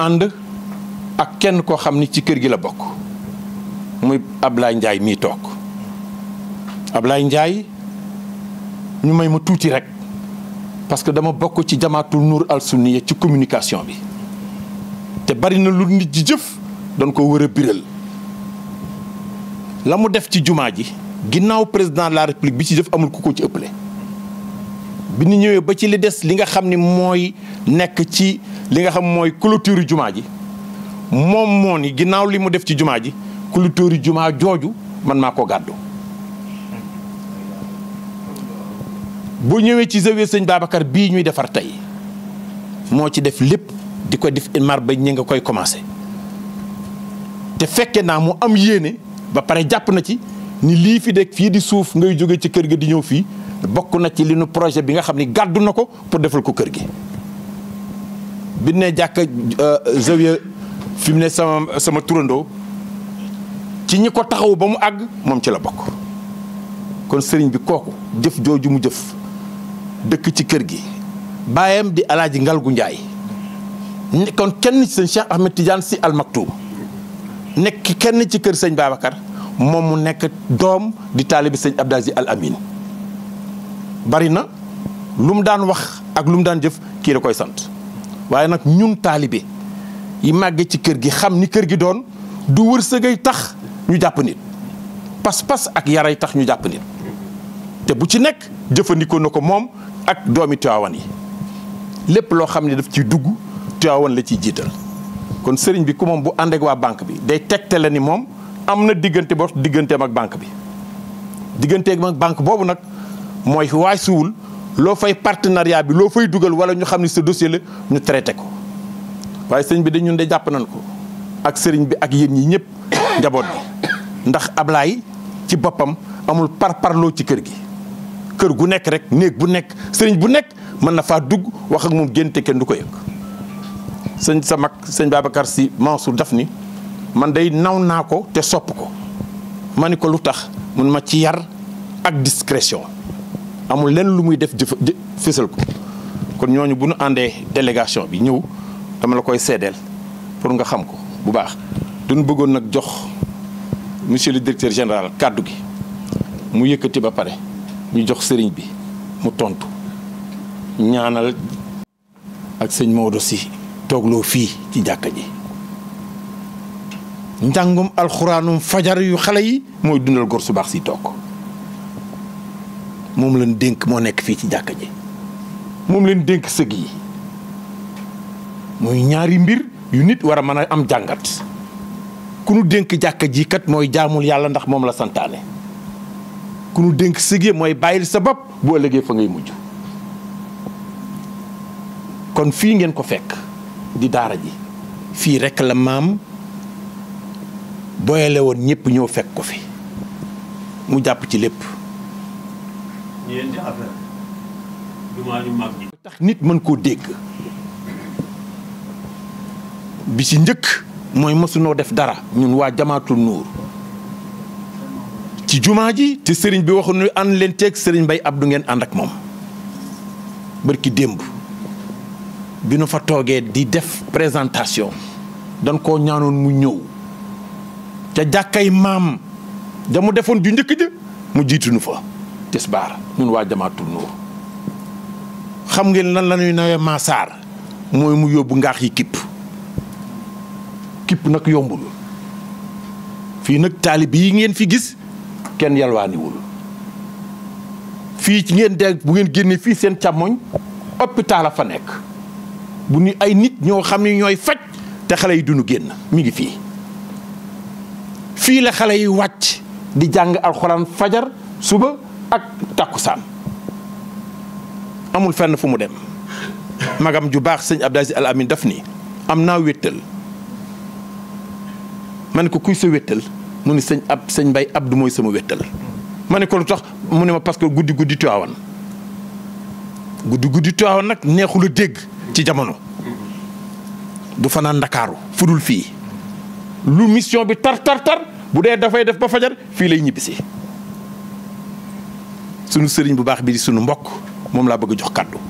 ànd ak kenn koo xam ni ci kër gi la bokk muy Ablaye njaay mii toog Ablaye njaay ñu may ma tuuti rek parce que dama bokk ci jamaatul Nour al Sunniya ci communication bi te bari na lu nit ji jëf doon ko wër a biral la mu def ci jumaa ji ginnaaw président la république bi ci jëf amul ku ko ci ëpple bi nu ñëwee ba ci li des li nga xam ni mooy nekk ci li nga xam mooy clôture jumaa ji moom moo ni ginnaaw li mu def ci jumaa ji clôture jumaa jooju man maa ko gàddu. bu ñëwee ci zawiya sëñ Babacar bii ñuy defar tey moo ci def lépp di ko def imar ba ñi nga koy commencé te fekkee naa mu am yéene ba pare jàpp na ci ni lii fi de fii di suuf ngay jóge ci kër gi di ñëw fii. bokk na ci li nu projet bi nga xam ni gàddu na ko pour defal ko kër gi bi ne jàkk euh, zawiya fi mu ne sama sama turandoo ci ñi ko taxawu ba mu àgg moom ci la bokk kon sëriñ bi kooku jëf jooju mu jëf dëkk ci kër gi baayam di alaaji Ngalgu Njaay kon kenn ci sëñ Cheikh Ahmed Tidiane si almaktuum nekk kenn ci kër sëñ Babacar moom mu nekk doom di taalibi sëñ Abdou Aziz Al Amin bari na lu mu daan wax ak lu mu daan jëf kii da koy sant waaye nag ñun taalibe yi màggee ci kër gi xam ni kër gi doon du wërsëgay tax ñu jàpp nit pas-pas ak yaray tax ñu jàpp nit te bu ci nekk jëfandikoo na ko moom ak doomi Tiwaawan yi lépp loo xam ne daf ciy dugg Tiwaawan la ciy jiital kon sëriñ bi ku moom bu àndee waa banque bi day tegtale ni moom am na diggante boo digganteem ak banque bi digganteem ak banque boobu nag. mooy waay siwul loo fay partenariat bi loo fay dugal wala ñu xam ne sa dossier la ñu traité ko waaye sëñ bi de ñun jàpp nañ ko ak sëriñ bi ak yéen yi ñëpp njaboot bi ndax Ablaye ci boppam amul par parloo ci kër gi kër gu nekk rek néeg bu nekk sëriñ bu nekk mën na faa dugg wax ak moom génte kenn du ko yëg sëñ sa mag sëñ si Sy su daf ni man day naw naa ko te sopp ko ma ni ko lu tax mun ma ci yar ak discrétion amul lenn lu muy def jëf fësal ko kon ñooñu bu nu àndee délégation bi ñëw dama la koy seedeel pour nga xam ko bu baax duñu bëggoon nag jox monsieur le directeur général kàddu gi mu yëkkati ba pare ñu jox sëriñ bi mu tontu ñaanal ak sëñ moodo si toogloo fii ci jàkka ji njàngum alxuraanum fajar yu xale yi mooy dundal gor su baax si toog moom lañ dénk moo nekk fii ci jàkka ji moom leen dénk sëg yi muy ñaari mbir yu nit war a mën a am jàngat kunu dénk jàkka ji kat mooy jaamul yàlla ndax moom la santaane ku dénk sëg yi mooy bàyyil sa bopp bu ëllëgee fa ngay mujj kon fii ngeen ko fekk di daara ji fii rekk la maam boyale woon ñépp ñëw fekk ko fi mu jàpp ci lépp ñeenti tax nit mën koo dégg bi ci njëkk mooy mësunoo def dara ñun waa jamaatul nuur ci jumaa ji te sëriñ bi waxu nu ànd leen teeg sëriñ ab Abdu ngeen ànd ak moom bërki démb bi nu fa toogee di def présentation dañ koo ñaanoon mu ñëw ca jàkkay maam da mu defoon ju njëkk ja mu jiitu nu fa tisbaar ñun waa jamaatul nuur xam ngeen lan la ñuy nawee maasaar mooy mu yóbbu ngaax yi kipp kipp nag yombul fii nag taalib yi ngeen fi gis kenn yalwaaniwul fii ci ngeen dégg bu ngeen génnee fii seen càmmoñ hôpital a fa nekk bu ñu ay nit ñoo xam ni ñooy faj te xale yi duñu génn mi ngi fii fii la xale yi wàcc di jàng alxuraan fajar suba ak tàkkusaan amul fenn fu mu dem magam ju baax sëñ ab Aziz Al Amin daf ni am naa wéttal ma ni ko kuy sa wéttal mu ni sëñ ab sëñ Mbay du mooy sama wéttal ma ne ko lu tax mu ne ma parce que guddi guddi Tiwaawan guddi guddi Tiwaawan nag neexul dégg ci jamono du fanaan Ndakaaru fudul fii lu mission bi tar tar tar bu dee dafay def ba fajar fii lay ñibbisi sunu sëriñ bu baax bi di sunu mbokk moom laa bëgg jox kàddu